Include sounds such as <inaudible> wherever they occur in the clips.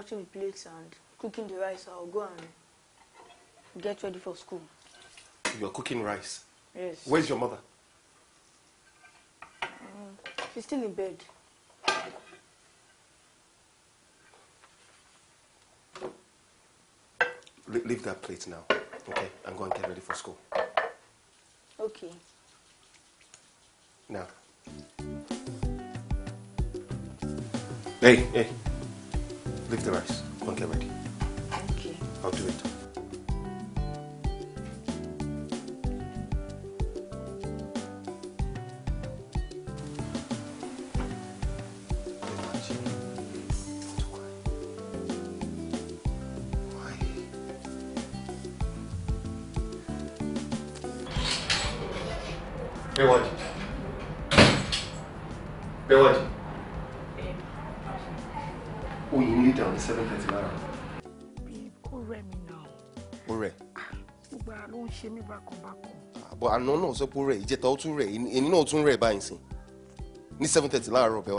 washing the plates and cooking the rice, I'll go and get ready for school. You're cooking rice? Yes. Where's your mother? Um, she's still in bed. Le leave that plate now, okay? And go and get ready for school. Okay. Now. Hey, hey. Lift the rice. Don't get ready. Okay. I'll do it. sọ pé ó rẹ̀ ìjẹta ó tún rẹ̀ èyí náà ó tún rẹ̀ báyìí sìn ní seven thirty láàárọ̀ ọ̀bẹ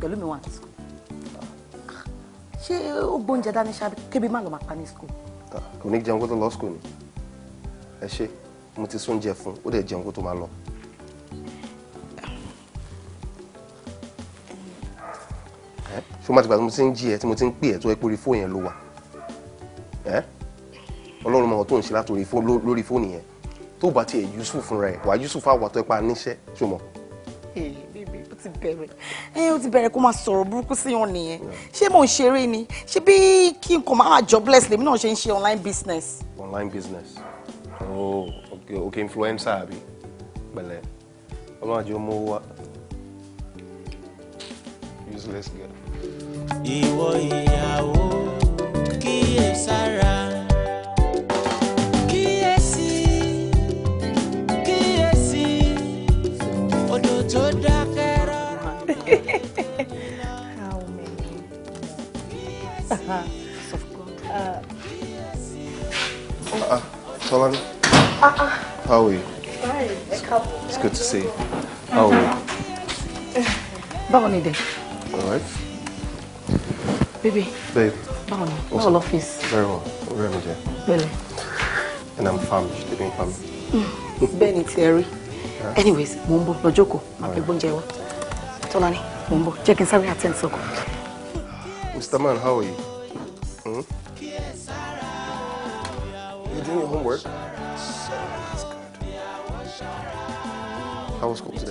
pẹ̀lú mi wà ní school ṣé ó gbóúnjẹ dání ṣáà kébi má lọ máa pa ní school. kò ní jẹun kó tó lọ school ni ẹ ṣe mo ti sóúnjẹ fún ó dẹ̀ jẹun kó tó máa lọ. ṣé o máa ti gbà tí mo ti ń jí ẹ tí mo ti ń pè ẹ tó ẹ pé orí fóònù yẹn ló wà ọlọ́run mọ̀ tó ń ṣe látòrí lórí fóònù yẹn tó bá tiẹ̀ yusuf fúnra ẹ̀ wà yusuf àwọ̀ tó ẹ pa níṣẹ́ ṣùgbọ́n ti bẹ̀rẹ̀ ẹ ó ti bẹ̀rẹ̀ kó máa sọ̀rọ̀ burúkú sí yàn nìyẹn ṣé mò ń ṣeré ni ṣé bí kí n kò máa jobless lèmi náà ṣe ń ṣe online business. online business oh okay okay influencer àbí pẹ̀lẹ́ ọlọ́run àjọ mọ́ wá useless girl. ìwọ ìyàwó kíyèsára. Ah, Solani. Ah, ah. How are you? Fine. It's, it's good to see you. How are you? Uh-huh. Báwo de. Alright. All Baby. Babe. Báwo ni? Báwo l'office? Very well. Where well, dear. Really? And I'm famished. Living famished. Mm. Bẹ́ẹ̀ ni ti ẹ Anyways, Mumbo, ń bọ̀ lọ́jọ́ kò. Màá fi gbóúnjẹ wá. Tọ́lá ni, mo ń bọ̀. Jẹ́ kí n Mr. Man, how are you? Hmm? You doing your homework? That's How was school today?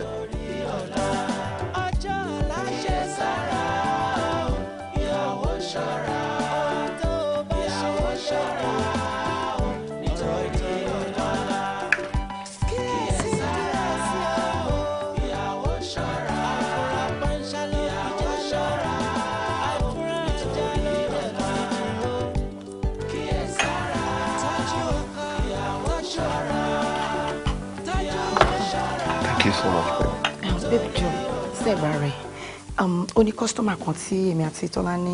lágbára ẹ̀ um, ó ní kọ́sítọ́mà kan tí èmi àti tọ́lá ní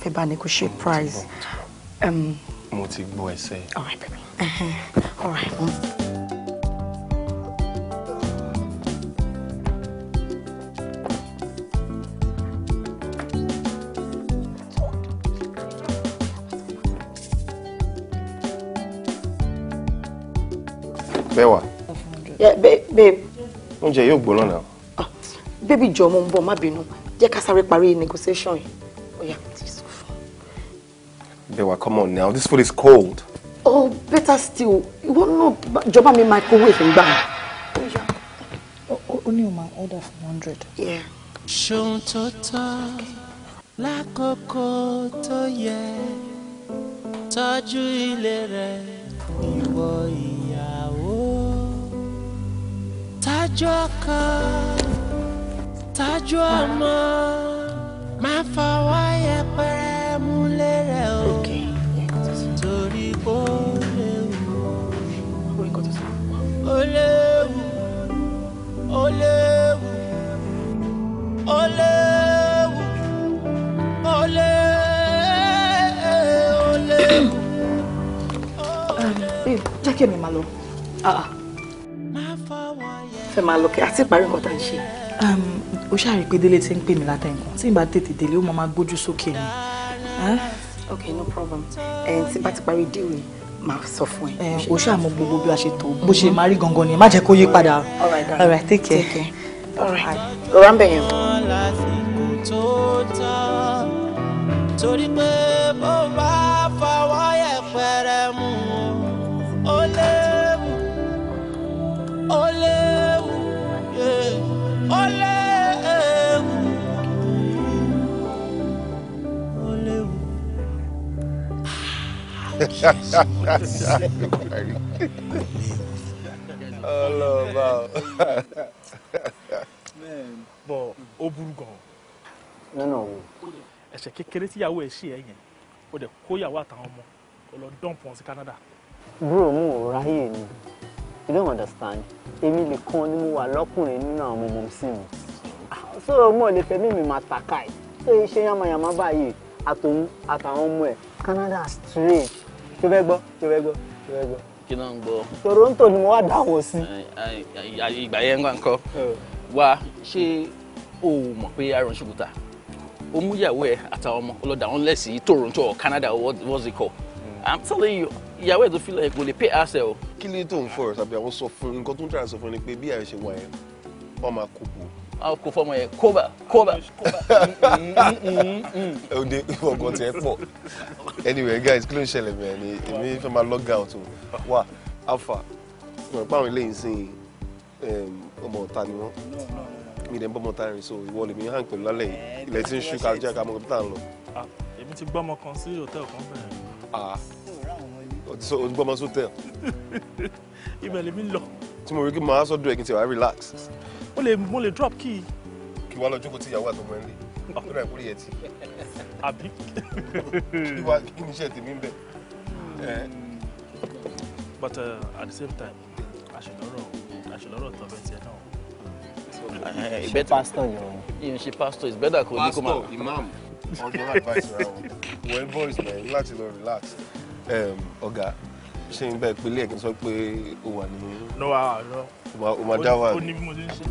fẹ́ bá negotiate price. Um, mo ti gbọ́ ẹsẹ̀. all right baby uh-huh. mm. Oúnjẹ yóò gbóná náà bébì jọ ọmọ ń bọ̀ má bínú jẹ́ ká sáré parí negotiation yìí oya ti sọ fún. Bewa come on now this food is cold. oh better still ìwọ náà jọba mi microwave ń gbà mí. ó ní o máa order for hundred. ṣòun tó tọ́ lákòókò tó yẹ tọ́jú ilé rẹ̀ ìwọ ìyàwó tájọ́ kan tájú ọ̀nà máa fọwọ́ yẹpẹrẹ múlẹ̀ rẹ̀ o torí kó léwu ó léwu ó léwu ó léwu ó léwu. Um, jẹ́ kí èmi máa lọ ah, ah. fẹ́ máa lọ kí àti ìparí nǹkan tá à ń ṣe ó ṣàrí pé délé ti ń pè mí látà nǹkan tí n bá tètè délé ó máa máa gbójú sókè ni. ok no problem tí bá ti parí díìwì máa sọ fún ẹ. o ṣàmú gbogbo bí a ṣe tó bó ṣe máa rí gangan ni má jẹ́ kó yí padà. all right all right take care. take all right rọra ń bẹ̀ yẹn. torí pé bó bá. ọlọ́ọ̀bá o. bọ̀ ó burú gan-an. nínú wo. ẹ̀ṣẹ̀ kékeré tíyàwó àtàwọn ọmọ ó lọ dọ́ǹpù wọn sí Canada. bro mo ò ráyè ni you don't understand èmi nìkan ni mo wà lọ́kùnrin nínú àwọn ọmọ mi sí mi sọ̀rọ̀ mọ́ lè fẹ́ mímì máa tàkà ẹ̀ iṣẹ́ yamayama báyìí àtòun àtàwọn ọmọ ẹ̀ Canada straight tó fẹ́ gbọ́ tó fẹ́ gbọ́ tó fẹ́ gbọ́. kí ló ń gbọ́. Toronto ni mo wá dáwọ́ sí. ìgbà yẹn ń gbà ń kọ́ wa ṣé o mọ̀ pé Aaron Chukwuta ó mú ìyàwó ẹ̀ àtàwọn ọmọ ọlọ́dà wọn lẹ̀ sí Toronto or Canada or what's it called mm. i'm telling you ìyàwó ẹ̀ tó fi lọ́yẹ̀ kò lè pay herself o. kí ló tó ń fọ̀rọ̀ tàbí àwọn sọ fún nǹkan tó ń tẹ̀lé sọ fún ni pé bí àìṣe wà yẹn wọ́n máa kó bò ó a kò fọmọ yẹn kóbà kóbà. òde ìwọ̀gàn tiẹ̀ pọ̀ anyway guys kí ló ń ṣẹlẹ̀ bẹ̀rẹ̀ ni èmi fẹ́ máa log out o wà alpha mo pa àwọn eléyìí sìn ọmọ ọ̀tá ni wọ́n mi dẹ̀ ń bọ́ ọmọ rìn so ìwọ lèmi hàn pẹ̀lú lálẹ́ yìí eh, ilẹ̀ tí ń ṣú ká jẹ́ ká mọ kọ́pútà ń lọ. Ah, èmi ti gbọ́mọ kan sí hòtẹ́ẹ̀lì kan bẹ̀rẹ̀. Ah, o gbọ́mọ sí hòtẹ́ẹ̀lì. <laughs> ibẹ̀ lèmi lọ. tí mo rí kí màá sọ́dọ̀ ẹ̀ kí n ti wá relax mo lè mo lè drop key. kí wàá lọ jókòó tí ìyàwó àtọmọ ẹ ń lè tó ìkórè yẹn ti. àbí. kí wàá kí ni iṣẹ́ tèmi ń bẹ̀. Hmm. but uh, at the same time àṣelọ́rọ̀ àṣelọ́rọ̀ tọ́bẹ̀ tiẹ̀ náà eh, ṣe pastor yẹn o. yẹn pastor it's better kò ní kó máa. pastor imam ọdún advice ra wọn well boys man láti lọ relax um, ọ̀gá ṣé n bẹ́ẹ̀ pélé ẹ̀kí sọ pé o wà ní. lọ́wọ́ àárọ̀. o máa dá wà ó ní bí mo ti ń ṣe.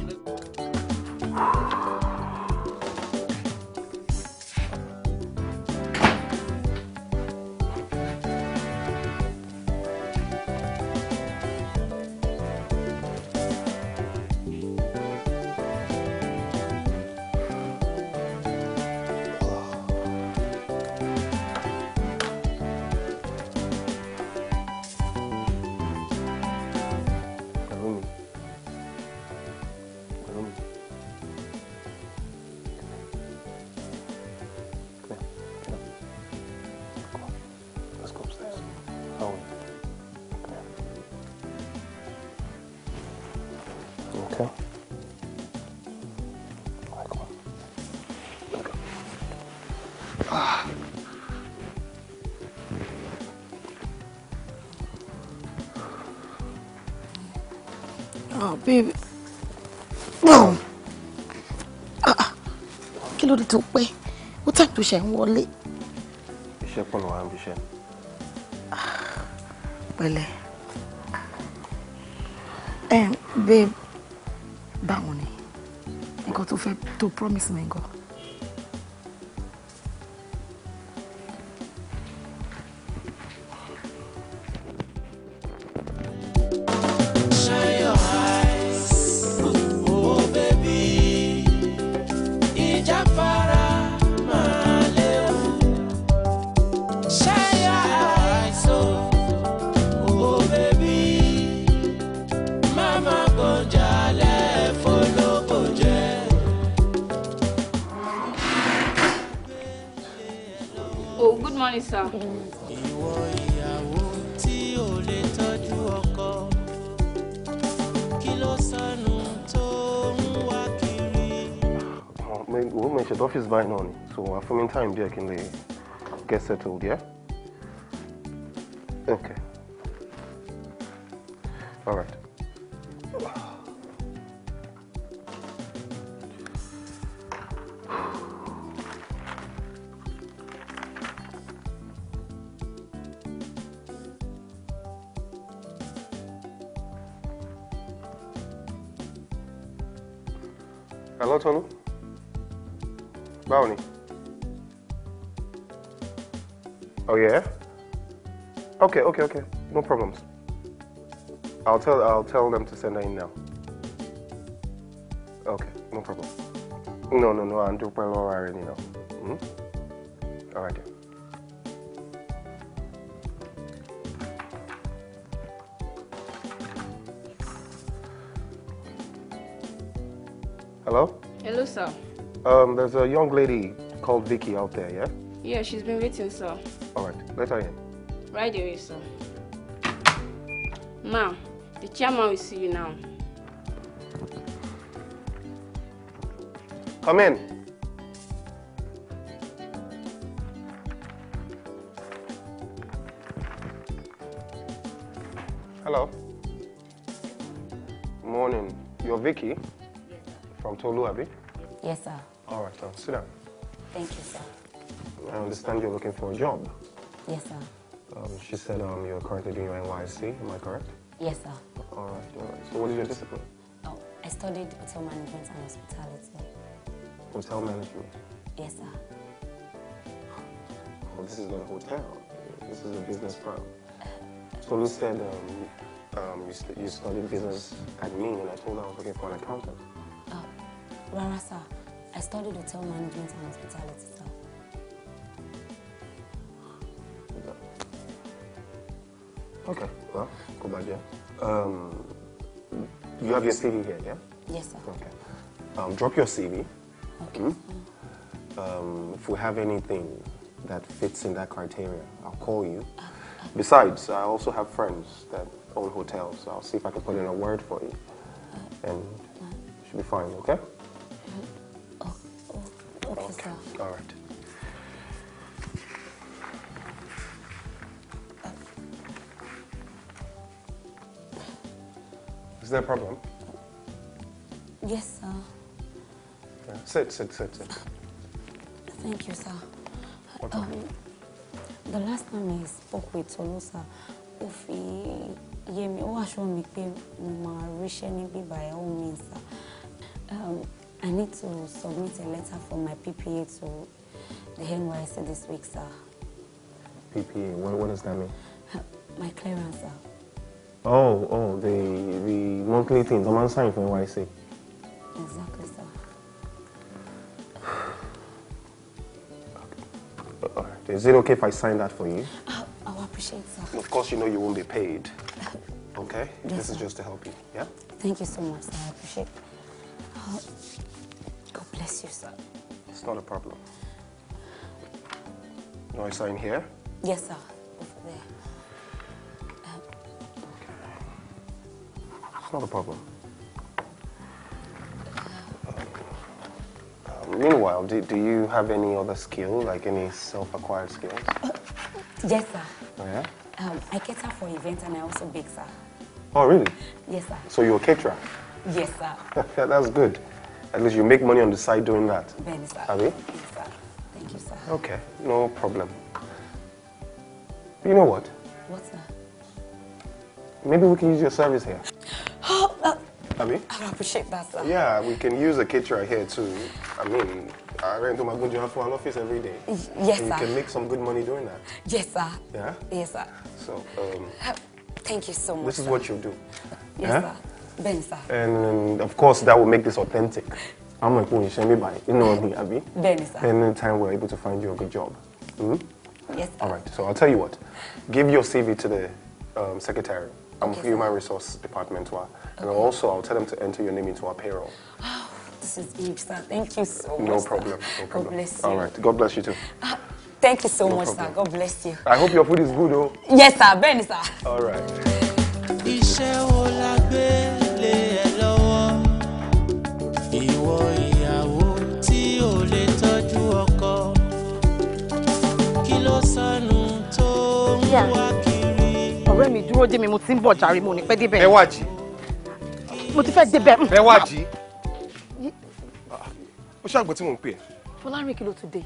tó pẹ́ ó tàbí tó ṣe ń wọlé. iṣẹ́ pọ̀ ló wá ń bíṣẹ́. pẹ̀lẹ́ ẹ babe báwo ni nǹkan tó fẹ́ tó promise mi gan So, for So after time there, can they uh, get settled, yeah? Okay, okay, okay. No problems. I'll tell I'll tell them to send her in now. Okay, no problem. No, no, no. I'm doing well already now. -hmm. All right. Then. Hello? Hello, sir. Um, there's a young lady called Vicky out there, yeah? Yeah, she's been waiting, sir. All right, let her in. Right away, sir. Ma'am, the chairman will see you now. Come in. Hello. Morning. You're Vicky? Yes, sir. From Tolu, Abi? Yes, sir. All right, sir. Sit down. Thank you, sir. I understand you're looking for a job. Yes, sir. Um, she said um, you're currently doing your NYC, am I correct? Yes, sir. All right, all right. So what is your discipline? Oh, I studied hotel management and hospitality. Hotel management? Yes, sir. Oh, this is not a hotel. This is a business firm. So you said um, um, you, st you studied business admin and I told her I was looking for an accountant. Oh, Rara, sir. I studied hotel management and hospitality, sir. Okay, well, good back Um, you have your CV here, yeah? Yes, sir. Okay. Um, drop your CV. Okay. Mm um, if we have anything that fits in that criteria, I'll call you. Besides, I also have friends that own hotels, so I'll see if I can put in a word for you. Uh, and uh, you should be fine, okay? Is there a problem? Yes, sir. Yeah. Sit, sit, sit, sit. Thank you, sir. um, The last time I spoke with Tolosa, ó fi yé mi, ó assure by all means, sir. Um, I need to submit a letter for my PPA to the NYC this week, sir. PPA, what, what does that mean? my clearance, sir. Oh, oh, the the monthly thing, the man sign for NYC. Exactly, sir. <sighs> Is it okay if I sign that for you? Oh, oh, I'll appreciate it, sir. Of course, you know you won't be paid. <laughs> Okay? Yes, this sir. is just to help you, yeah? Thank you so much, sir. I appreciate it. God bless you, sir. It's not a problem. No, I sign here? Yes, sir. not a problem. Um, meanwhile, do, do you have any other skill, like any self-acquired skills? Uh, <coughs> yes, sir. Oh, yeah? Um, I cater for events and I also bake, sir. Oh, really? Yes, sir. So you're a caterer? Yes, sir. <laughs> That's good. At least you make money on the side doing that. Ben, sir. Have you? Yes, sir. Thank you, sir. Okay, no problem. You know what? What's that? Maybe we can use your service here. I mean, I appreciate that, sir. Yeah, we can use a caterer here too. I mean, I rent my good for an office every day. Yes, and sir. You can make some good money doing that. Yes, sir. Yeah? Yes, sir. So, um, Thank you so much. This is sir. what you do. Yes, sir. Ben, sir. And of course, that will make this authentic. I'm like, oh, by. You know me, Abby. Ben, sir. And in time, we're able to find you a good job. Mm -hmm. Yes. Sir. All right. So I'll tell you what. Give your CV to the um, secretary. I'm okay. human resource department wa. And also I'll tell them to enter your name into our payroll. Oh, this is huge, sir. Thank you so much. no Problem, no problem. God bless you. All right. God bless you too. Uh, thank you so no much, problem. sir. God bless you. I hope your food is good, oh. Yes, sir. Ben, sir. All right. Yeah mú mi dúró dé mi mo ti ń bọ̀ jàre mo ní pẹ́ débẹ̀. ẹ wá jí. mo ti fẹ́ débẹ̀. ẹ wá jí. ó ṣàgbọ́n tí mò ń pè ẹ́. fọlárin kí ló dé.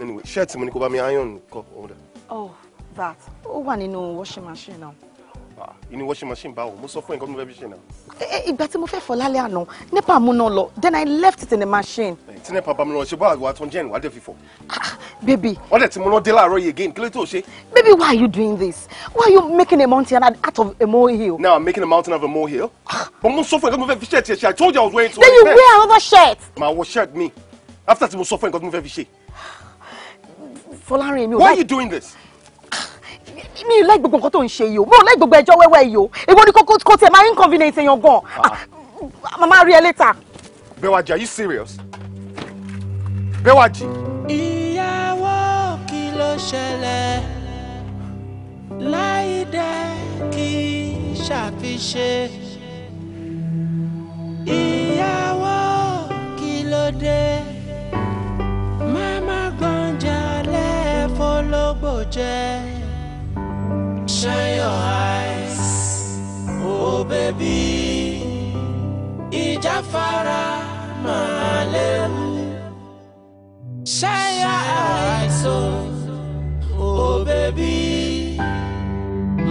anyway ṣẹ́ẹ̀tì mo ní kó bá mi iron kọ́ ọ̀dà. oh that ó wà nínú washing machine náà inú ah, washing machine báwo mo sọ fún nǹkan tó fẹ́ fi ṣe náà. Eh, eh, ìgbà tí mo fẹ́ fọ lálẹ́ àná nepa mú náà lọ then i left it in the machine. Eh, tí nepa bá mi lọ ṣe bá àgbà tó ń jẹ́ ìwà dé fífọ. Ah, baby. wọ́n dẹ̀ ti mú náà dé láàárọ̀ yìí again kí ló tó ṣe. baby why are you doing this why are you making a mountain out of a molehill. now i'm making a mountain out of a molehill. Ah. but mo sọ fún nǹkan tó fẹ́ fi ṣẹ́ẹ̀tì ẹ̀ṣẹ̀ i told you i was wearing two. then you wear another shirt. màá wọ shirt mi after ti mo sọ fún nǹkan tó fẹ́ fi ṣe. Fọlárin mi ò like. why are you doing this? mi ò like gbogbo nǹkan tó ń ṣe yìí o mi ò like gbogbo ẹjọ́ wẹ́wẹ́ yìí o èwo ni kókó kó tiẹ̀ máa inconvenience èèyàn gan ah. ah, màmá rí ẹ later. Bẹ́wàjì are you serious? Bẹ́wàjì. ìyàwó kí ló ṣẹlẹ̀ láìdẹ kí ṣàfiṣe ìyàwó kí ló dé mama gbọ̀njà lẹ́ẹ̀fọ́ ló Oh baby, ìjáfara máa léwu. Share your oh baby.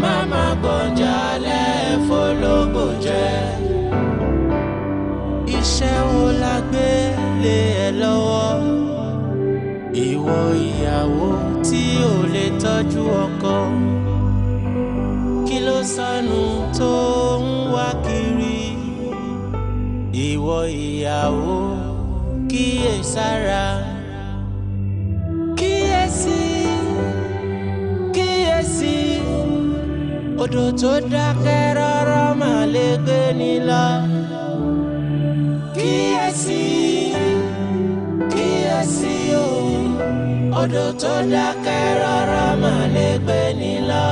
Mama gbọ̀njalẹ̀ fọlọ́gbò jẹ́. Iṣẹ́ wo la gbé lé ẹ lọ́wọ́? Ìwọ ìyàwó tí ò lè tọ́jú ọkọ. Kí ló ìwọ ìyàwó kíyèsára kíyèsí kíyèsí odò tó dákẹ́ rọ́rọ́ mà lè gbé ni lọ kíyèsí kíyèsí o odò tó dákẹ́ rọ́rọ́ mà lè gbé ni lọ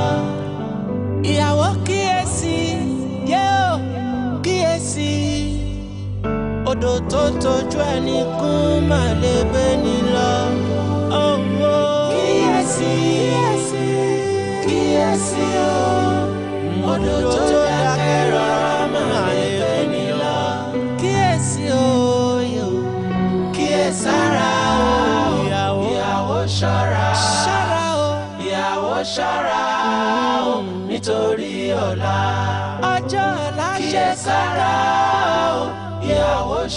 ìyàwó odò tó tójú ẹni kún má lè gbé ni lọ. kíyèsí kíyèsí o odò tó dákẹ́ rọra má lè gbé ni lọ. kíyèsí o kíyèsára o ìyàwó ṣọ́ra ṣọ́ra o ìyàwó ṣọ́ra o nítorí ọ̀la ọjọ́ ọ̀la ṣe sára o.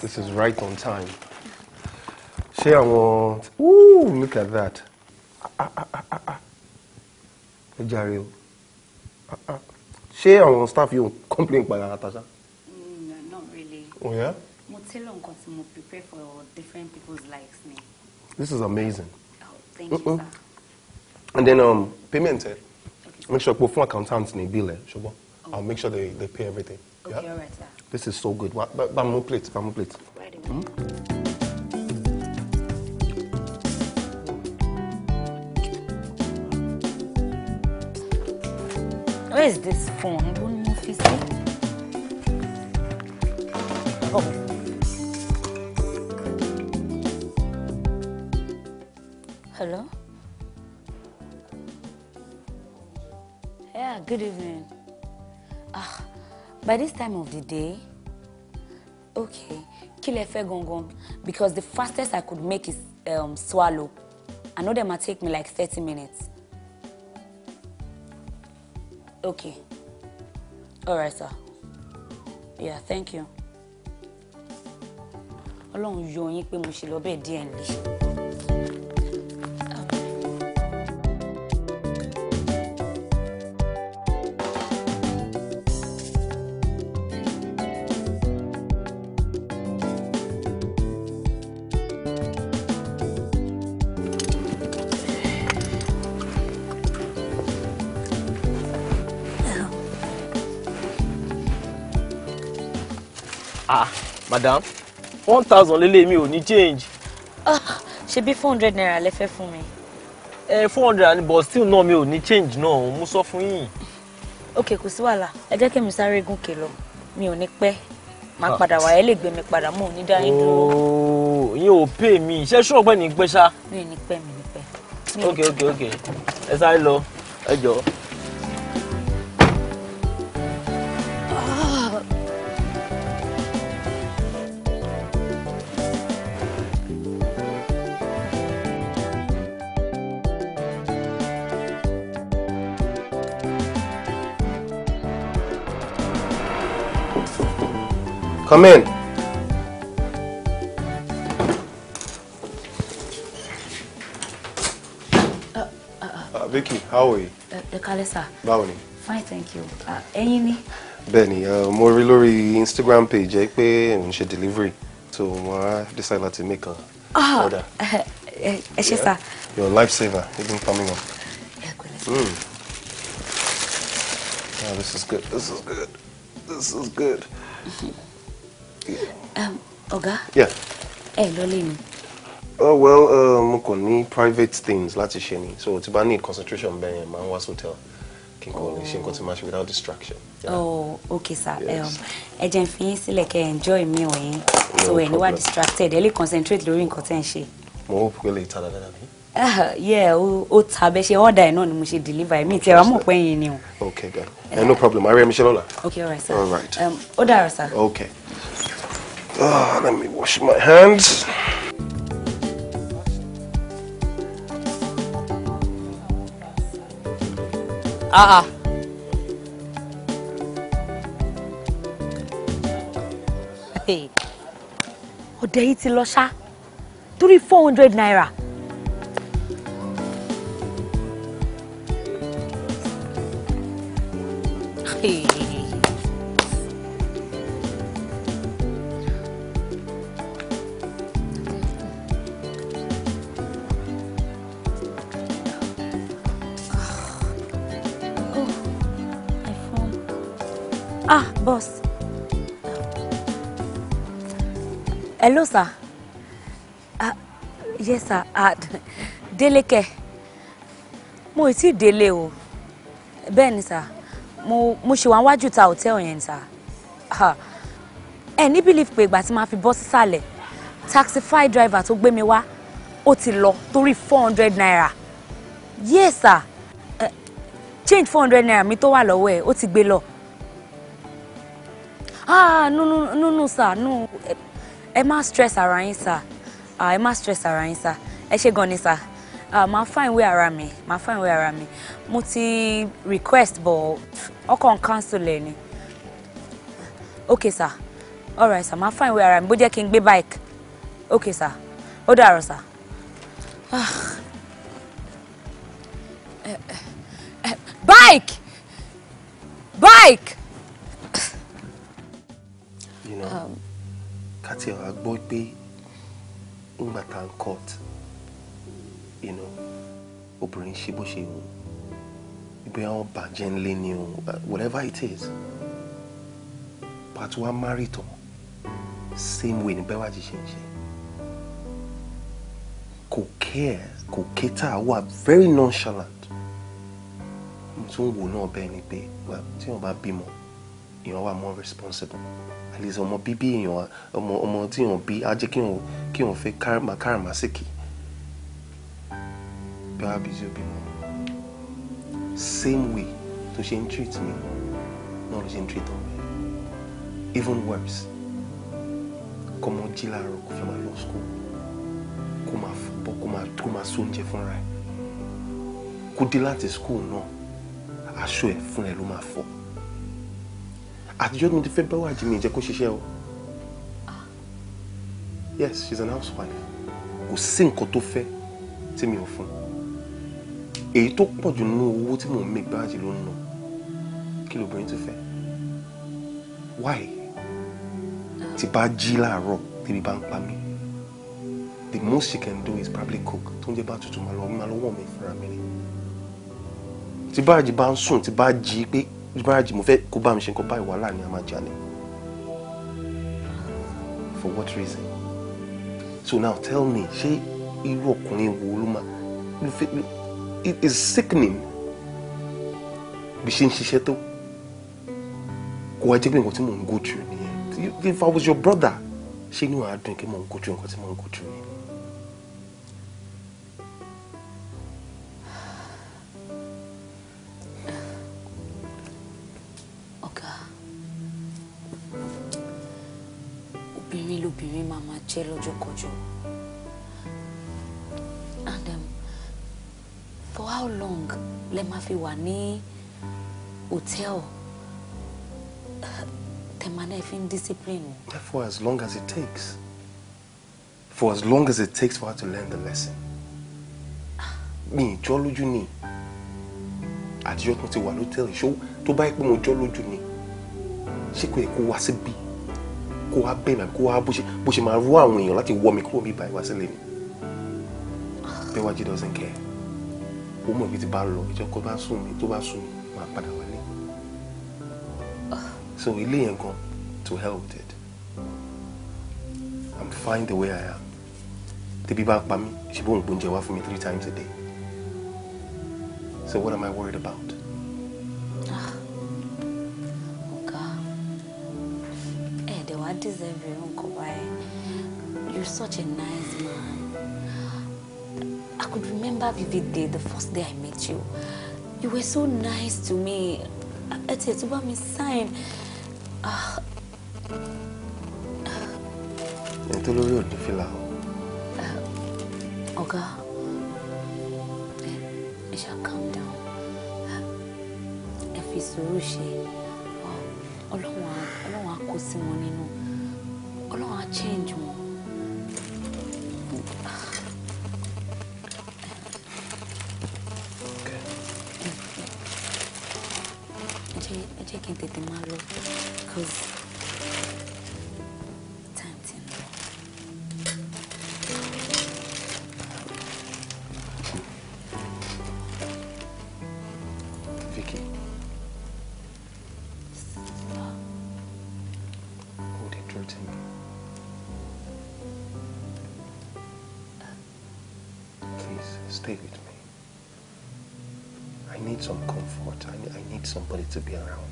This is right on time. Ṣé àwọn. Ooh, look at that. Ẹ jàre o. Ṣé àwọn staff yóò complain pa ara ta No, mm, not really. Oh yeah? Mo tailor nǹkan tí mo prepare for different people's likes ni. This is amazing. Oh, thank you, sir. And then um, payment, eh? make sure pé fún accountant ní bill, eh? Ṣùgbọ́n. Oh. I'll make sure they, they pay everything. Okay, yeah? all right, sir. This is so good. Bamboo plate, bamboo plate. Right mm? Where is this phone? One more fist. Oh. Hello? Yeah, good evening by this time of the day okay kí lẹ fẹ́ gangan because the fastest i could make is um, swallow i know dem might take me like thirty minutes okay All right, sir yeah thank you ọlọ́run yọ yín pé mo ṣe lọ bẹ́ẹ̀ díẹ̀ nílé. ah madam one thousand lele mi ò ní change. Ah, ṣe bí four hundred naira lẹ fẹ́ fún mi. ẹ four hundred naira but still náà mi ò ní change náà mo sọ fún yín. ok kò sí wàhálà ẹ jẹ́ kí mi sáré gòkè lọ mi ò ní pẹ́ máa ah. padà wá ẹ lè gbé mi padà mo ò ní dá yín dúró. ooo oh, yín ò pè mí ṣé ṣọ́ọ̀pẹ́ ní pẹ́ ṣá. mi ò ní pẹ́ mi ní pẹ́. ok ok ok ẹ sáré lọ ẹ jọ̀ọ́. Come in. Uh, uh, uh, uh, Vicky, how are you? Uh, the Ẹ sir. How are you? Fine, thank you. Uh, Ẹ̀yin ni? Bẹ́ẹ̀ni, mo rí lórí Instagram page ẹ pé n ṣe delivery so I decided to make a oh, order. Ẹ ṣé sà. You're a lifesaver. saver, been coming up. Ẹ kúlẹ̀. Mm. Oh, this is good, this is good, this is good. Um, ọ̀gá ẹ lọ lé mi. oh well um, mo kàn ní private things láti ṣe ni so tí bá ní concentration bẹ́ẹ̀ yẹn máa ń wá hotel kí n kò lè ṣe nǹkan tí máa ṣe without distraction. oh okay sir um, ẹ jẹ́ n fi yín sílẹ̀ kẹ́ enjoy mi ò yín so ẹ ní wá distracted ẹ lè concentrate lórí nǹkan tẹ́ ń ṣe. mo hope pé lè ta dáadáa bí. Ah, yeah ó ta bẹ́ẹ̀ ṣe order ẹ̀ náà ni mo ṣe deliver mi tí ẹ wá mọ̀ pé yín ni o. okay good. Eh, no problem i rí ẹ okay all right sir all right ó dàrọ̀ sir. okay. Oh, let me wash my hands. Ah. Uh -uh. Hey. Ọ̀dẹ̀ yìí ti lọ ṣá torí four hundred naira Boss. Hello, sir. Uh, yes, sir. Uh, Délé kẹ̀. Mo ì tí o. Bẹ́ẹ̀ sir. Mo mo ṣe wá wájú ta hòtẹ́ẹ̀lì yẹn, sir. Ẹ ní believe pé ìgbà tí màá fi bọ́ sísàlẹ̀, taxify driver tó gbé mi wá, ó ti lọ torí four hundred naira. Yes, sir. Uh, change four hundred naira mi tó wà lọ́wọ́ ẹ̀, ó ti gbé lọ ah no no no no sir no ẹ má stress ara yín sir ah ẹ má stress ara yín sir ẹ ṣe gan ni sir ah máa find way ara mi máa find way ara mi mo ti request but ọkàn cancel ẹ ni okay sir alright sir máa find way ara mi bó jẹ́ kí n gbé bike okay sir ó dàárọ̀ sir. Ah. Eh, eh, eh, bike bike you know um, káti ọ̀rá gbọ́ pé court you know obìnrin ṣe bó ṣe wù bóyá whatever it is but we marry tán same way ni bẹ́ẹ̀ wá ti ṣe ń ṣe kò care kò kéta very nonchalant mo tún wò náà ni pé tí wọ́n bá bímọ èèyàn wà more responsible at least ọmọ bíbí èèyàn ọmọ ọmọ tí èèyàn bí á jẹ́ kí èèyàn kí èèyàn fẹ́ káràmásìkì bí wàá bí tí ó bímọ same way tó ṣe ń treat me náà ló ṣe ń treat ọmọ even worse kọ́mọ jí láàárọ̀ kó fẹ́ máa lọ school kó máa fọbọ́ kó máa kó máa sóúnjẹ fúnra ẹ̀ kó dé láti school náà aṣọ ẹ̀ fúnra ẹ̀ ló máa fọ̀ àtijọ́ mi ti fẹ́ bẹ́wà jì mí ìjẹ́ kó ṣiṣẹ́ o yes she's an housewife kò sí nǹkan tó fẹ́ tí mi ò fún èyí tó pọ̀ jù nínú owó tí mò ń mi gbáàjì ló ń lọ kí lóbìnrin tún fẹ́ why tí bá jí láàárọ̀ tèmi bá ń pa mí the most she can do is probably cook tó ń jẹ́ bá tutù máa lọ máa lọ wọ̀ mí fúnra mi ni tí báàjì bá ń sùn tí bá jí pé báyàjì mo fẹ́ kó bá mi ṣe nǹkan báyìí wàhálà ni a máa jà ni for what reason so now tell me ṣé irú ọkùnrin wo ló máa ló fẹ́ it is sickening bí ṣe ń ṣiṣẹ́ tó kò wá jẹ́ pé nǹkan tí mò ń go nìyẹn if I was your brother ṣé inú àádùn kí mò ń go nǹkan tí mò ń go nìyẹn. jẹ́ lójúkojú. and um, for how long lẹ máa fi wà ní hòtẹ́ẹ̀lì tẹ̀mánẹ́ discipline. for as long as it takes for as long as it takes for her to learn the lesson. mi ìjọ́ lójú ni àtijọ́ tó ti wà lótẹ́ẹ̀lì ṣó tó bá yẹ pé mo jọ́ lójú ni ṣé kò yẹ kó wá síbí kó wá bẹ̀ mí kó wá bó ṣe máa rú àwọn èèyàn láti wọ́ mi kúrò bí báyìí wá sílé mi bẹ́ẹ̀ wájú doesn't care ó mọ̀ bí ti bá lọ ìjọ kó bá sùn mi tó bá sùn mi máa padà wálé so ilé yẹn gan to help with it I'm fine the way I am tẹ́bí bá pa mí ṣùgbọ́n òun gbóúnjẹ wá fún mi three times a day so what am I worried about. such a nice man. I could remember vividly the first day I met you. You were so nice to me. At it, about me sign. Nítorí ah. lórí Oga, fìlà shall calm down. If it's sùúrù ṣe. Ọlọ́run á kó sí wọn change wọn. jẹ́ the n tètè cause time ti Vicky ó lè dúró tì Please stay with me. I need some comfort. I I need somebody to be around.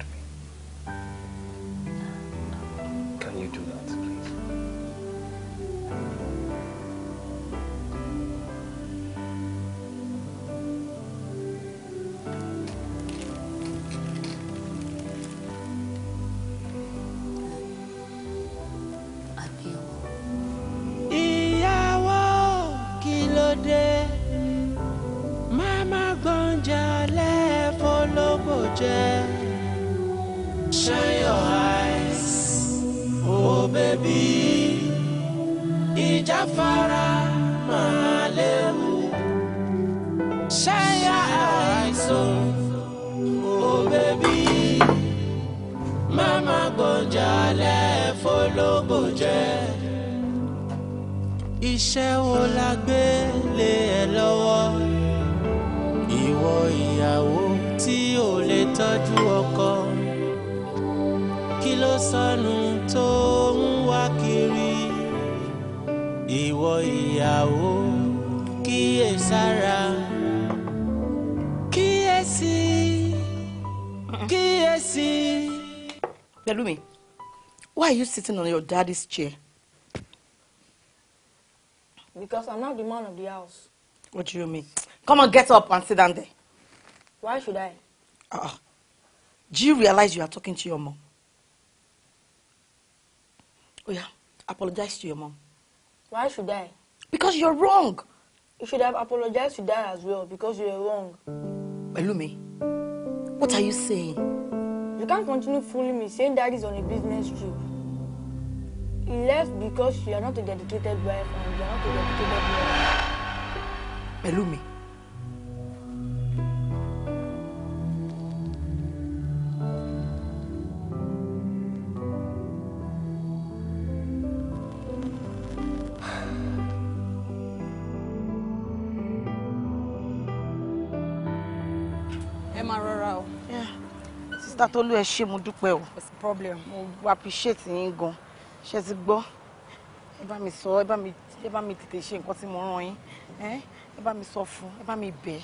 Pelumi, why are you sitting on your daddy's chair? Because I'm not the man of the house. What do you mean? Come on, get up and sit down there. Why should I? uh Do you realize you are talking to your mom? Oh yeah, apologize to your mom. Why should I? Because you're wrong. You should have apologized to dad as well because you're wrong. Pelumi, what are you saying? You can't continue fooling me saying that is on a business trip. He left because you are not a dedicated wife and you are not a dedicated wife. Pelumi. sista Tolú ẹ ṣé mo dúpẹ́ o problem mo appreciate yín gan ṣe ti gbọ́ ẹ bá mi sọ ẹ bá mi ẹ bá mi tètè ṣe nǹkan tí mo rán yín ẹ bá mi sọ fún ẹ bá mi bẹ̀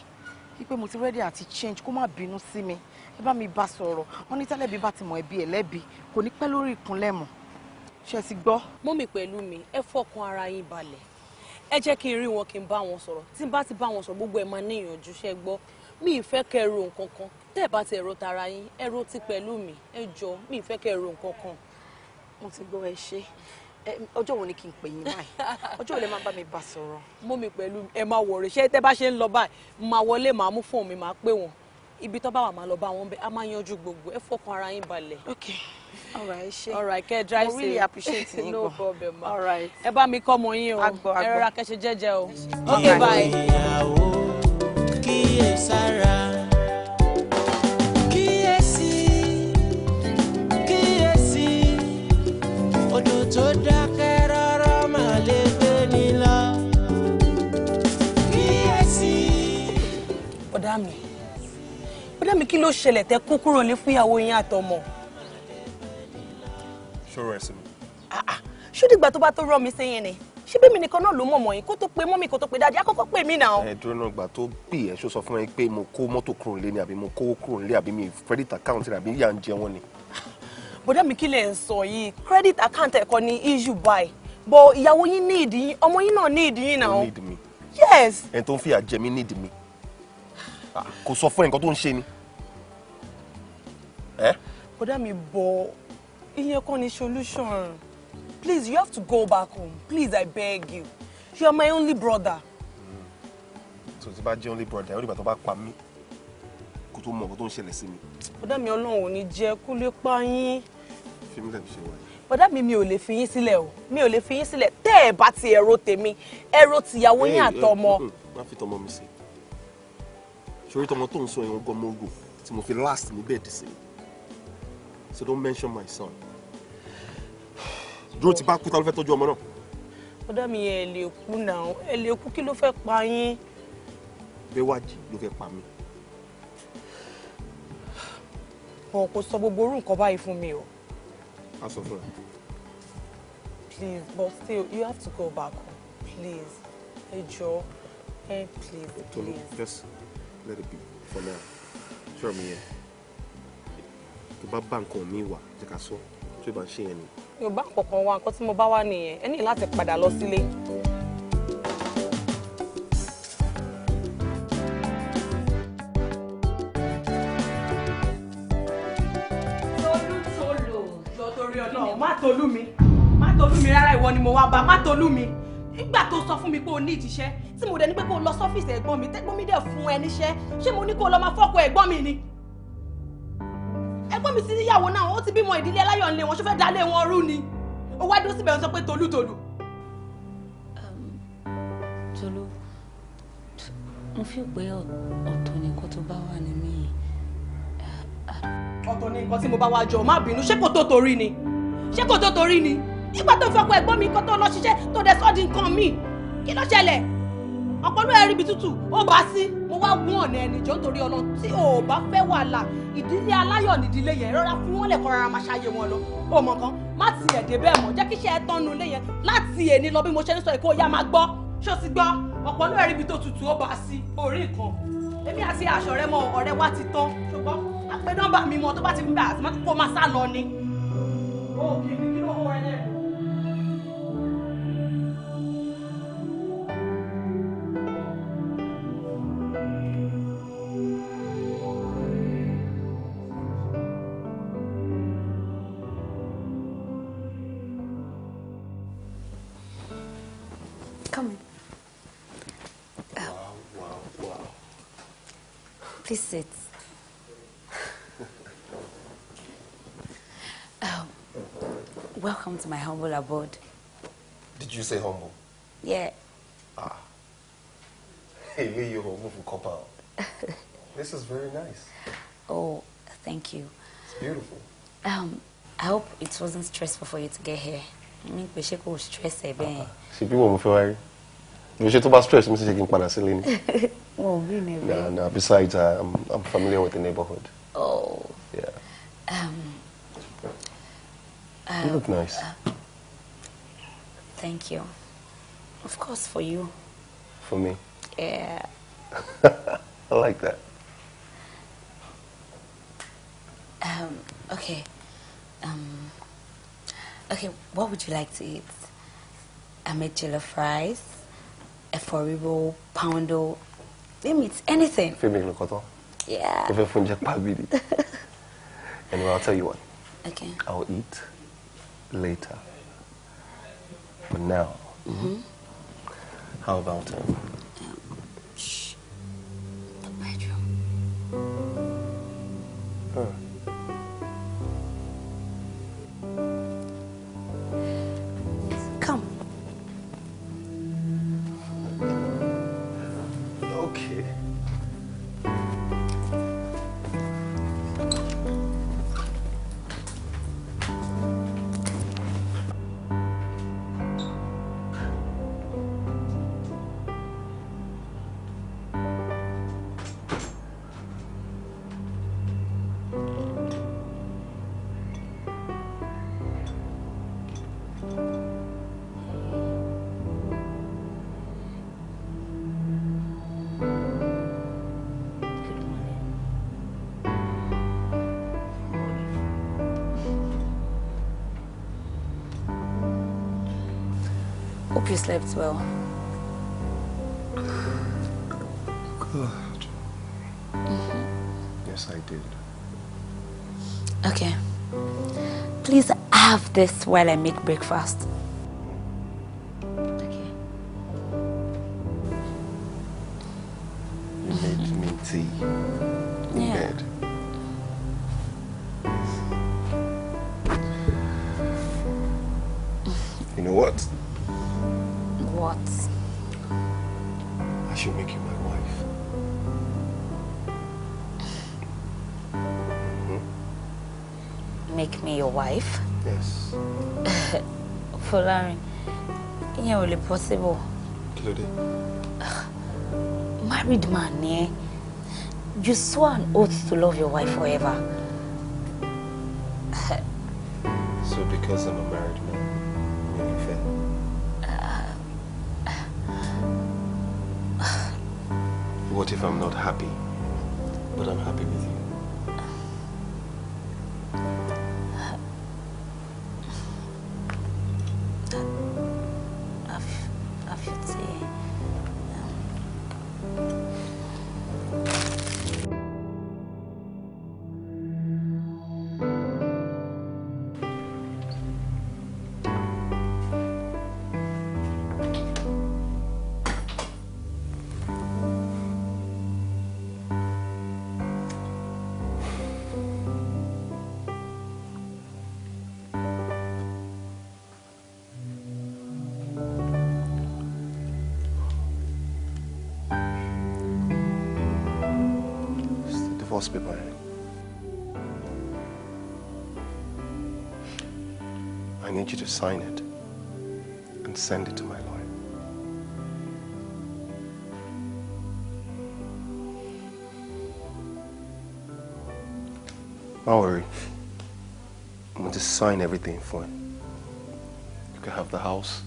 wípé mo ti ready àti change kó má bínú sí mi ẹ bá mi bá sọ̀rọ̀ wọn ní tẹ́lẹ̀ bí bá ti mọ̀ ẹ̀bi ẹ̀ lẹ́bi kò ní pẹ́ lórí ìkúnlẹ̀ mọ́ ṣe ti gbọ́. mọ́mì pẹ̀lú mi ẹ fọkàn ara yín balẹ̀ ẹ jẹ́ kí n rí wọn kí n bá wọn sọ̀rọ̀ tí n bá ti bá wọn sọ̀rọ̀ gbogbo ẹ̀ máa níyànjú ṣe gbọ́ mi ì fẹ́ kẹ́ ro nǹkan kan tẹ́ ẹ̀ bá ti ẹ̀rọ tara yín ẹ̀rọ ti pẹ̀lú mi ẹ jọ mi ìfẹ́ kẹ́ ẹ̀rọ nǹkan kan. mo ti gbọ́ ẹ ṣe ọjọ́ wo ni kí n pè yín báyìí <laughs> ọjọ́ wo lè máa bá mi bá sọ̀rọ̀. mú mi pẹ̀lú ẹ máa wọ̀rẹ̀ ṣé tẹ́ bá ṣe ń lọ báyìí máa wọlé máa mú fóònù mi máa pè wọ́n ibi tó bá wà máa lọ bá wọn bẹ a máa yanjú gbogbo ẹ fọkàn ara yín balẹ̀. ok all right ṣe all right kẹ drive safe i really appreciate yín <laughs> gan no problem ma all right ẹ bá mi kọ́ ọmọ yín o ẹ rọra kẹṣe jẹ́jẹ́ o ok bye. kíyèsára bọ̀dá mi bọ̀dá mi kí ló ṣẹlẹ̀ tẹ́ kó kúrò lé fún ìyàwó yín àtọmọ. ṣòro ẹ sí mi. Ah, ah. ṣó dìgbà tó bá tó rọ mi sẹ́yìn ni ṣé bẹ́ẹ̀ mi nìkan náà ló mọ̀ mọ̀ yín kó tó pe mọ́mì kó tó pe dáadé àkọ́kọ́ pè mí náà. ẹ dúró náà gbà tó bì ẹ ṣó sọ fún mi pé mo kó mọ́tò kúrò nílé ni àbí mo kówó kúrò nílé àbí mi credit account ni àbí yà ń jẹ wọn ni. bọ̀dá mi kí lẹ̀ ń sọ yìí credit account ẹ̀kọ́ ni issue buy bọ̀ ìyàwó yín need. ìdí yín ọmọ yín náà Need ìdí yín náà. ó ní ìdí yes. ẹni tó ń fìyà jẹ mí ní ìdí Ah, kò sọ fún ẹ nǹkan tó ń ṣe ni. bọ́dá mi bọ̀ ìyẹn kọ́ ni solution please you have to go back home please I beg you you are my only brother. tó ti bá jẹ́ only brother ó dìgbà tó bá pa mí kó tó mọ nǹkan tó ń ṣẹlẹ̀ sí mi. bọ́dá mi ọlọ́run ò ní jẹ́ kó lè pa yín. fi ṣe wáyé bọ́dá mi mi ò lè fi yín sílẹ̀ o mi ò lè fi yín sílẹ̀ tẹ́ ẹ̀ bá ti ẹ̀rọ tèmi ẹ̀rọ tìyàwó yín àtọmọ. má fi tọmọ mi sí i sori tọmọ tó ń sọ yẹn gan mọ́gò tí mo fi last níbẹ̀ dì sí so don't mention my son dúró ti bá kú ta ló fẹ́ tọ́jú ọmọ náà. ọ̀dọ́ mi ẹ̀ lè kú náà ẹ̀ lè kú kí ló fẹ́ pa yín. Bẹ́wàjì ló fẹ́ pa mí. wọn kò sọ gbogbo orú nǹkan báyìí fún mi o. a sọ fún ẹ. please but still you have to go back home please ẹ jọ̀ọ́ ẹ please please. just let it be for now sure me. yẹn tó bá bá nǹkan mi wà jẹ́ ká sọ tó bá ń ṣe yẹn ni. yorùbá kọ̀ọ̀kan wa nǹkan tí mo bá wà nìyẹn ẹ ní láti padà lọ tolú mi má tolú mi rárá ìwọ ni mo wá bá má tolú mi nígbà tó sọ fún mi pé o ní ìjíṣẹ́ tí mo dẹ̀ ní pé kó lọ sọ́fíìsì ẹ̀gbọ́n mi tẹ́gbọ́n mi dẹ̀ fún ẹ níṣẹ́ ṣé mo ní kó lọ máa fọ́kọ ẹ̀gbọ́n mi ni. ẹ̀gbọ́n mi ti níyàwó náà ó ti bímọ ìdílé aláyọ̀ ńlẹ̀ wọn ṣó fẹ́ dalé wọn rú ni ó wá dúró síbẹ̀ ń sọ pé tolútolù. tolú mo fi pé ọ̀tọ̀ ni nǹkan tó bá wà ní mí. ọ̀tọ̀ ni nǹkan tí mo bá wá jọ má bínú ṣé kò tó torí ni ṣé kò tó torí ni nígbà tó fọkọ ẹ̀gbọ́n mi kó tó lọ ṣiṣẹ́ tó dẹ̀ sọ́ọ́ nǹkan míì kí ló ṣẹlẹ̀ ọpọlọ ẹrí ibi tútù ó bá sí mo wá gún ọ̀nà ẹni jọ nítorí ọ̀nà tí ò bá fẹ́ wàhálà ìdílé aláyọ̀ nídìílé yẹn rọra fún wọn lẹ́kọ̀ọ́ rárá máa ṣàyè wọn lọ ó mọ kan má ti ẹ̀dẹ̀ bẹ́ẹ̀ mọ̀ jẹ́ kí iṣẹ́ ẹ tán yẹn láti èní lọ bí mo ṣe ń sọ èkó ya máa gbọ́ ṣó ti gbọ́ ọpọlọ ẹrí ibi tó tútù ó bá sí orí nǹkan èmi àti aṣọ rẹ mọ ọ̀rẹ́ wa ti tán ṣùgbọ́n àpè nọ́mbà mi mọ Welcome to my humble abode. Did you say humble? Yeah. Ah. Hey, me, you humble for copper. <laughs> This is very nice. Oh, thank you. It's beautiful. Um, I hope it wasn't stressful for you to get here. Mi pe ṣé kò stress ẹ bẹ́ẹ̀. Ṣé bí wọ́n mo fẹ́ wá rí? Mi ṣe stress mi ṣe kí n padà sílé ni. <laughs> Wọ́n ò bí Besides, uh, I'm, I'm familiar with the neighborhood. look nice. Uh, thank you. Of course, for you. For me? Yeah. <laughs> I like that. Um, okay. Um, okay, what would you like to eat? A made fries, a foribo, poundo, name it, anything. Yeah. <laughs> and I'll tell you what. Okay. I'll eat later. But now, mm -hmm. how about um, Hope you slept well. Good. Mm -hmm. Yes, I did. Okay. Please have this while I make breakfast. an oath to love your wife forever. be mine. I need you to sign it and send it to my lawyer. Don't worry. I'm going to sign everything for you. You can have the house,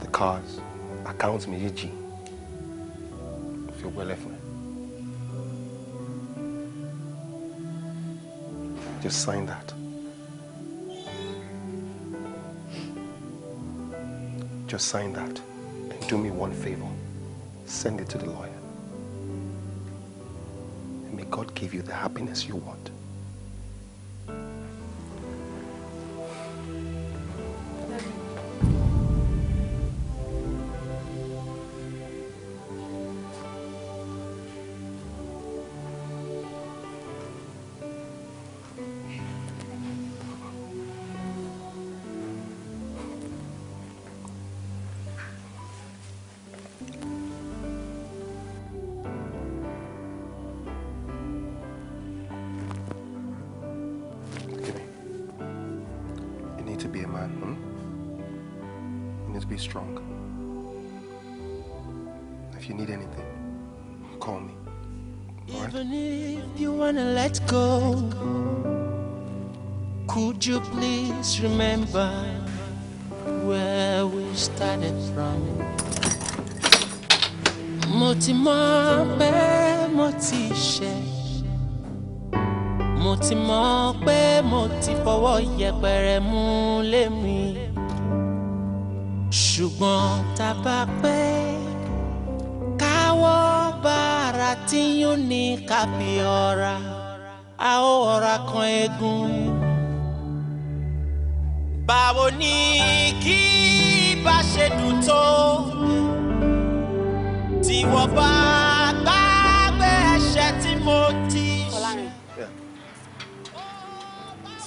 the cars, accounts, Miyiji. If you're well left, man. Just sign that. Just sign that. And do me one favor. Send it to the lawyer. And may God give you the happiness you want. if you wanna let go, could you please remember where we started from? Moti ti mọ̀ pé mo ti ṣe, mo ti mọ̀ pé mo ti fọwọ́ yẹpẹrẹ mú lé mi, ṣùgbọ́n tá a Nothing unique happy ọ̀ra a ó ọ̀ra kan egun. Báwo ni kí bá ṣe dùn tó tí wọ́n bá gbàgbé ẹ̀ṣẹ̀ tí mo ti ṣe.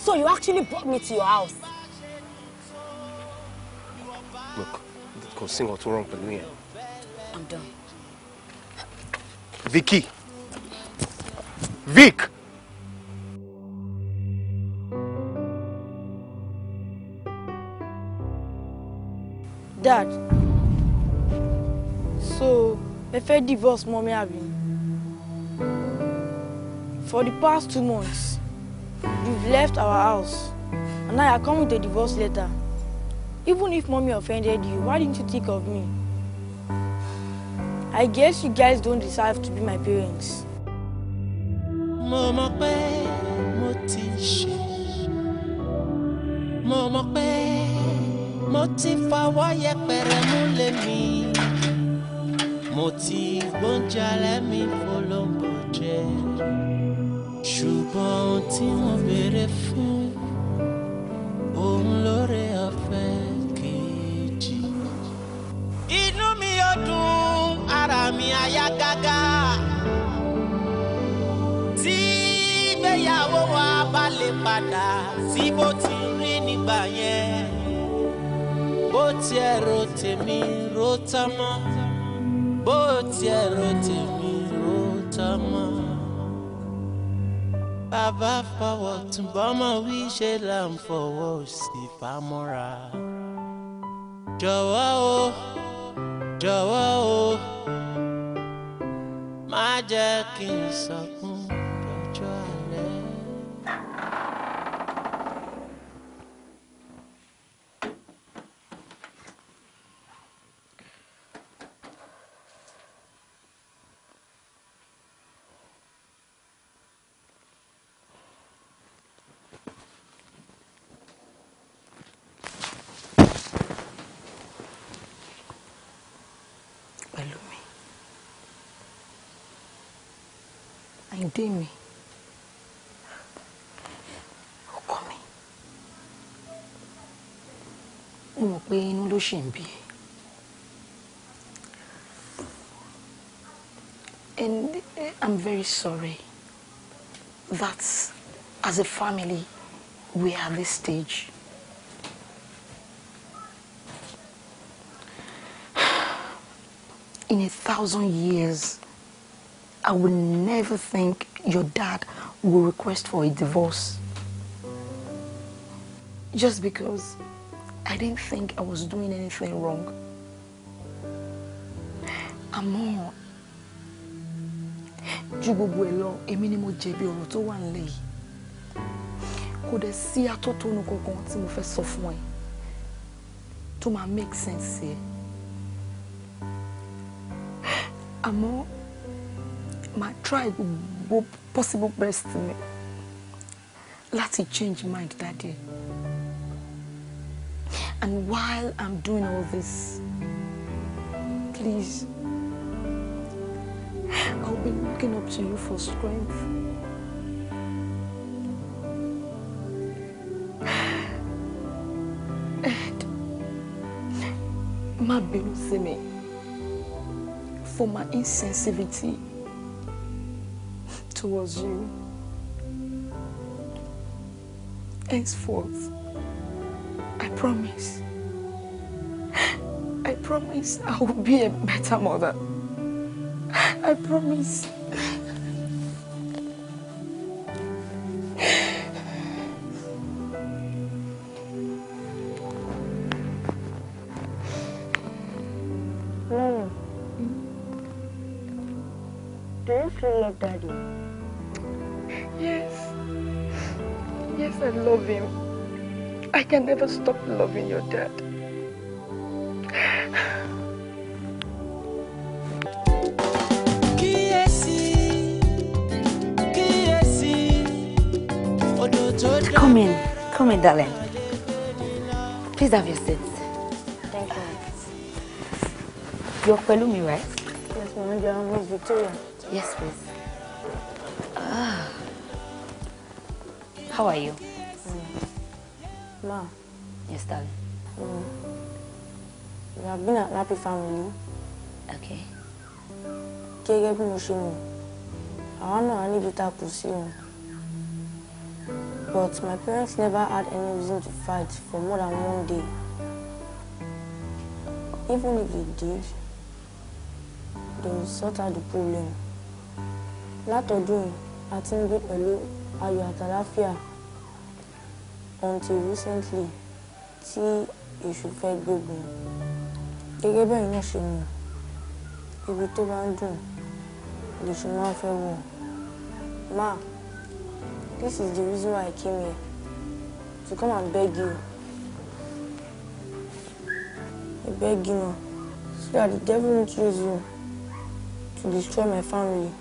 So you actually brought me to your house. Look, kò sí nǹkan tó wrong pẹ̀lú yẹn. I'm done. Vicky. Vic. Dad. So, ẹ fẹ́ divorce mommy Abby. For the past two months, you've left our house and now you're coming with a divorce letter. Even if mommy offended you, why didn't you think of me? I guess you guys don't deserve to be my parents. Mo mọ̀ pé mo ti ṣe. Mo mọ̀ pé mo ti fọwọ́ yẹpẹrẹ mú ta mọ́ bó tiẹ̀ ro tèmi ó ta mọ́. bàbá fọwọ́ túnbọ̀ mọ̀ wí ṣe là ń fọwọ́ sí fámọ́ra. jọ̀wọ́ o jọ̀wọ́ o má jẹ́ kí n sọkún. dé mi ọkọ mi mo mọ̀ pé inú ló ṣì ń bí and eh, I'm very sorry that as a family we are at this stage. <sighs> In a thousand years, I would never think your dad will request for a divorce. Just because I didn't think I was doing anything wrong. Àmọ́ ju gbogbo ẹ̀ lọ, èmi ni mo jẹ̀bi ọ̀rọ̀ tó wà nílẹ̀ yìí. Kò dẹ̀ sí atótónu kankan tí mo fẹ́ sọ fún make sense ẹ. Àmọ́. My try gbogbo possible best to mi láti change mind day. and while I'm doing all this please I'll be looking up to you for strength. And my sí for my insensitivity towards you. Henceforth, I promise. I promise I will be a better mother. I promise can never stop loving your dad. Come in. Come in, darling. Please have your seat. Thank you. You're me, right? Yes, Mama. Your name is Victoria. Yes, please. Ah. How are you? Ma. Yes, darling. Mm. We have been an happy family. Okay. Gẹ́gẹ́ bí mo ṣe mọ̀, àwọn náà níbi tá a kù sí o. But my parents never had any reason to fight for more than one day. Even if they did, they will sort out the problem. Látọ̀dún yìí, a ti ń gbé pẹ̀lú ayọ̀ àtàláfíà until recently tí èṣù fẹ́ gbógun gẹ́gẹ́ bẹ́ẹ̀ náà ṣe mọ̀ ibi tó bá ń dùn lèṣù máa ń fẹ́ wọ̀ ma this is the reason why I came here to come and beg you I beg you now so that the devil won't use you to destroy my family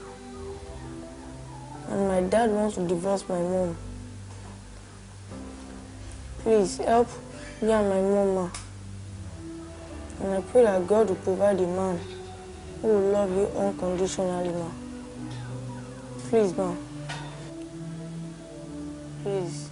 and my dad wants to divorce my mom. Please help me and my mama. And I pray that God will provide a man who will love you unconditionally, ma. Please, ma. Please.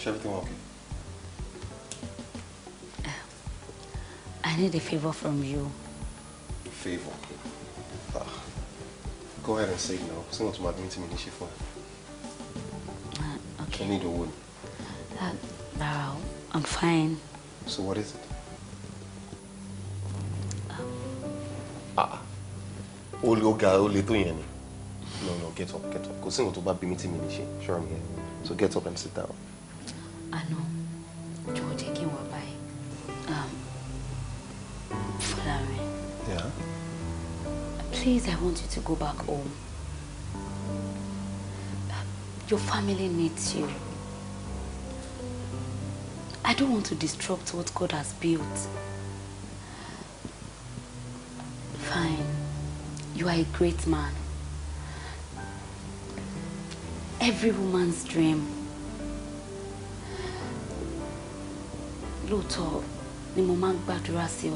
Is everything okay? Um, I need a favor from you. favor? Ah. Go ahead and say it now. It's not my meeting in Ishifu. Uh, okay. I need a wood. Uh, wow, I'm fine. So what is it? ó ló ga ó yẹn ni no no get up get up kò sí nǹkan tó bá bí mi tí ṣe sure i'm here so get up and sit down. Please, I want you to go back home. Um, your family needs you. I don't want to disrupt what God has built. Fine. You are a great man. Every woman's dream. Luto, ni mo máa ń gbàdúrà sí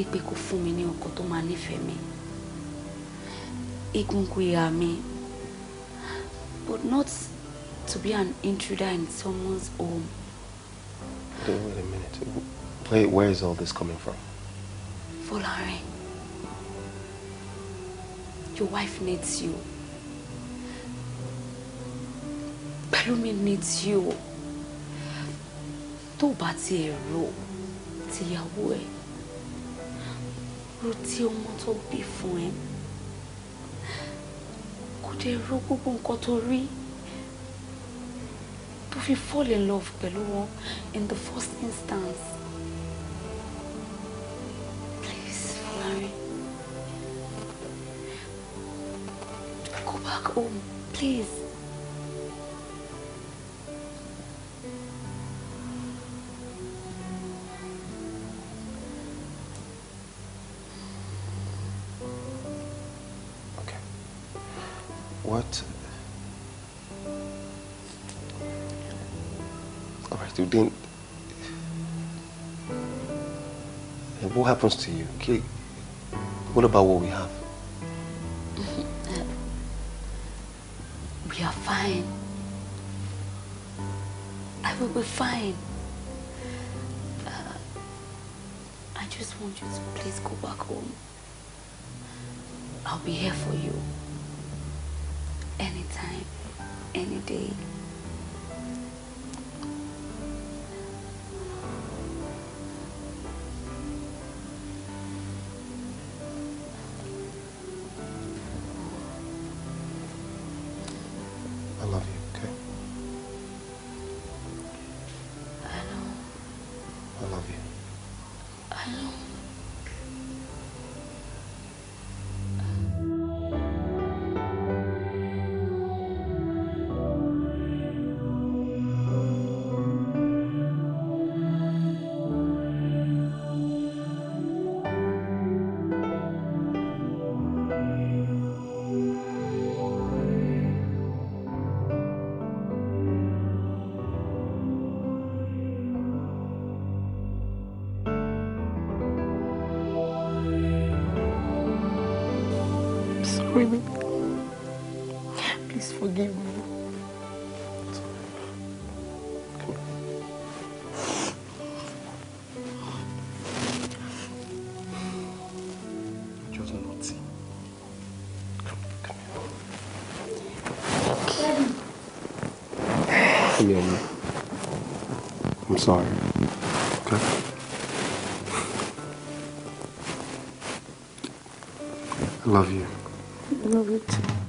ìpè kò fún mi ní ọkọ tó máa nífẹ̀ẹ́ mi egungun ìhà mi but not to be an intruder in someone's home. wait a minute. Where, where is all this coming from? Folarin, your wife needs you. Pelumi needs you. Tó bá ti èrò tìyàwó ẹ̀ rántí ọmọ tó bí fún ẹ kò dé rò gbogbo nǹkan tó rí tó fi fall in love pẹ̀lú wọn in the first instance. happens to you, okay, what about what we have? I love you. sorry. Okay? I love you. I love you too.